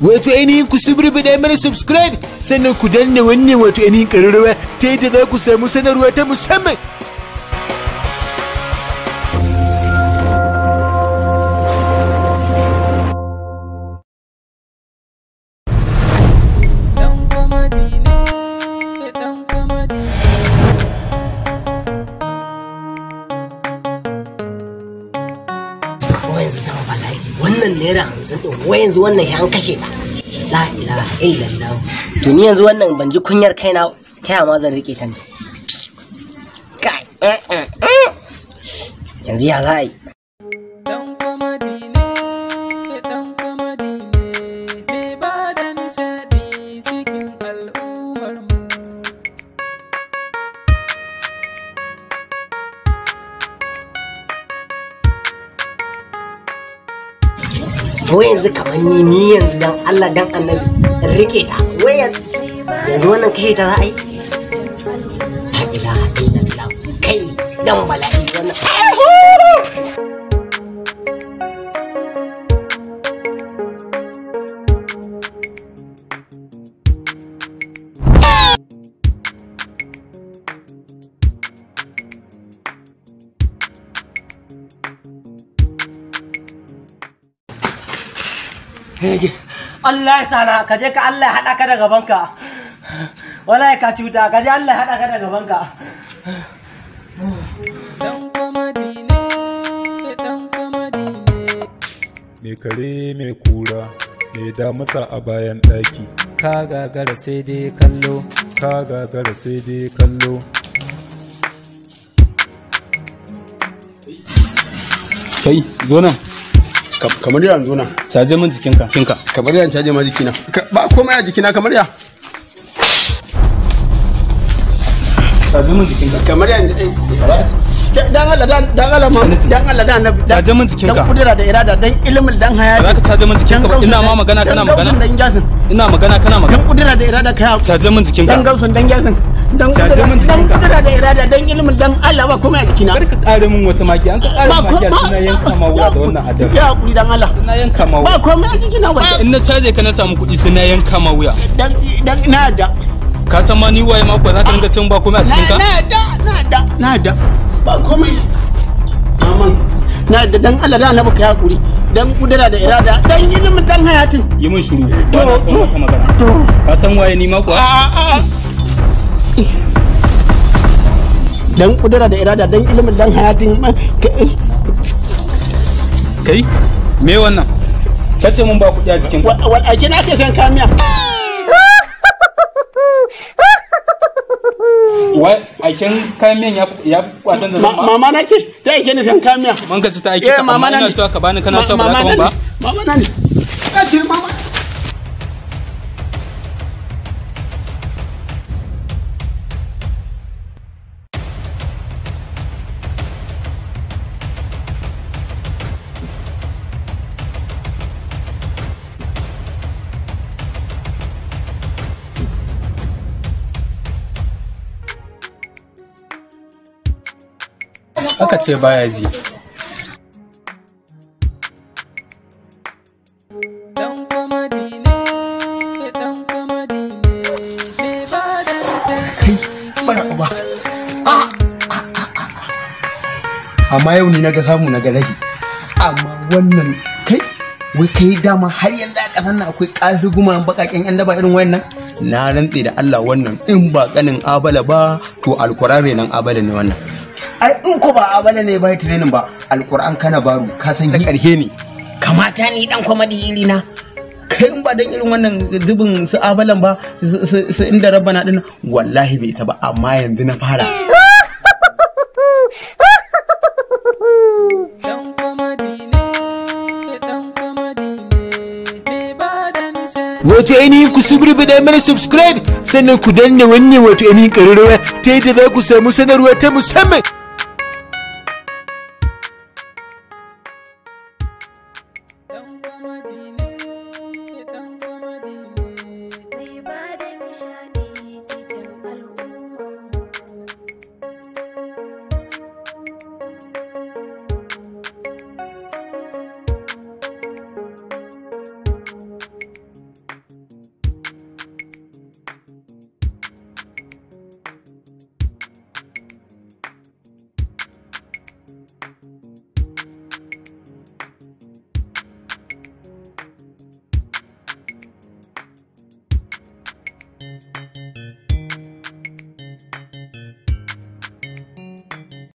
wato ainihin ku suburbuɗe mana subscribe sannan ku danna wannan wato ainihin ƙararrawa ta yadda za ku samu sanarwa ta musamman naira hamsin ɗin yanzu wannan ya an kashe ta la ilaha illallah to ni yanzu wannan ban ji kunyar kaina ta yama zan rike ta ne eh, eh, eh. yanzu ya za a yi wai yanzu kamar ni ni yanzu dan Allah dan annabi rike ta wai yanzu wannan kashe ta za a yi la ilaha illallah kai dan bala'i wannan Allah ya sana ka je ka Allah ya haɗa ka da gabanka wallahi ka cuta ka je Allah ya haɗa ka da gabanka Me kare me kura me masa a bayan ɗaki ka gagara sai dai kallo ka gagara sai dai kallo kai zo nan kamar ya yanzu caje min jikinka kinka kamar ya caje ma jikina ba komai a jikina kamar ya caje min jikinka kamar ya eh, eh, dan Allah dan Allah ma dan Allah dan Annabi caje min jikinka dan kudura da irada dan ilimin dan haya ba ka caje min jikinka ina ma magana kana magana dan ina magana kana magana dan kudura da irada kai caje min jikinka dan gausun dan gafin dan kudura da irada dan Allah ba komai a jikina kar ka kare min wata maki an ka kare maki a suna yanka ma wuya da wannan adab ya hakuri dan Allah suna yanka ma wuya ba komai a jikina ba in na caje ka na samu kuɗi suna yanka ma wuya dan dan ina da ka san ma ni waye ma ko za ka dinga cin ba komai a cikin ka na da na da na da ba komai amman na da dan Allah da na baka ya hakuri dan kudura da irada dan yi min dan hayatin yi min shiru to to ka san waye ni ma ko a a dan kudura da irada dan ilimin dan hayatin kai me wannan ka ce mun ba kuɗi a jikin wal ake na ke san kamiya wai aikin kamiyan ya da mama na ce ta aike ni san kamiya man ka ci ta aike ka eh, bani kana ba ka ba mama na ne ka ce mama aka ce baya ji ah, ah, ah, amma yau ni ga samu naga rashi amma wannan kai wai kai dama har yanzu a ƙasar akwai ƙarfi gumayen baƙaƙen yan daba irin wannan. na rantse da Allah wannan in ba kanin abala ba to alkurare nan abala ne wannan ai in ko ba abala ne ba training ba alquran kana baro ka san da karhe ne kamata ni dan komadi iri na kai in ba dan irin wannan zubin su abalan ba su inda rabbana din wallahi bai ta ba amma yanzu na fara wato ainihin ku subirbida mana subscribe sannan ku danna wannan wato ainihin ƙararrawa ta yadda za ku samu sanarwa ta musamman Madine thank you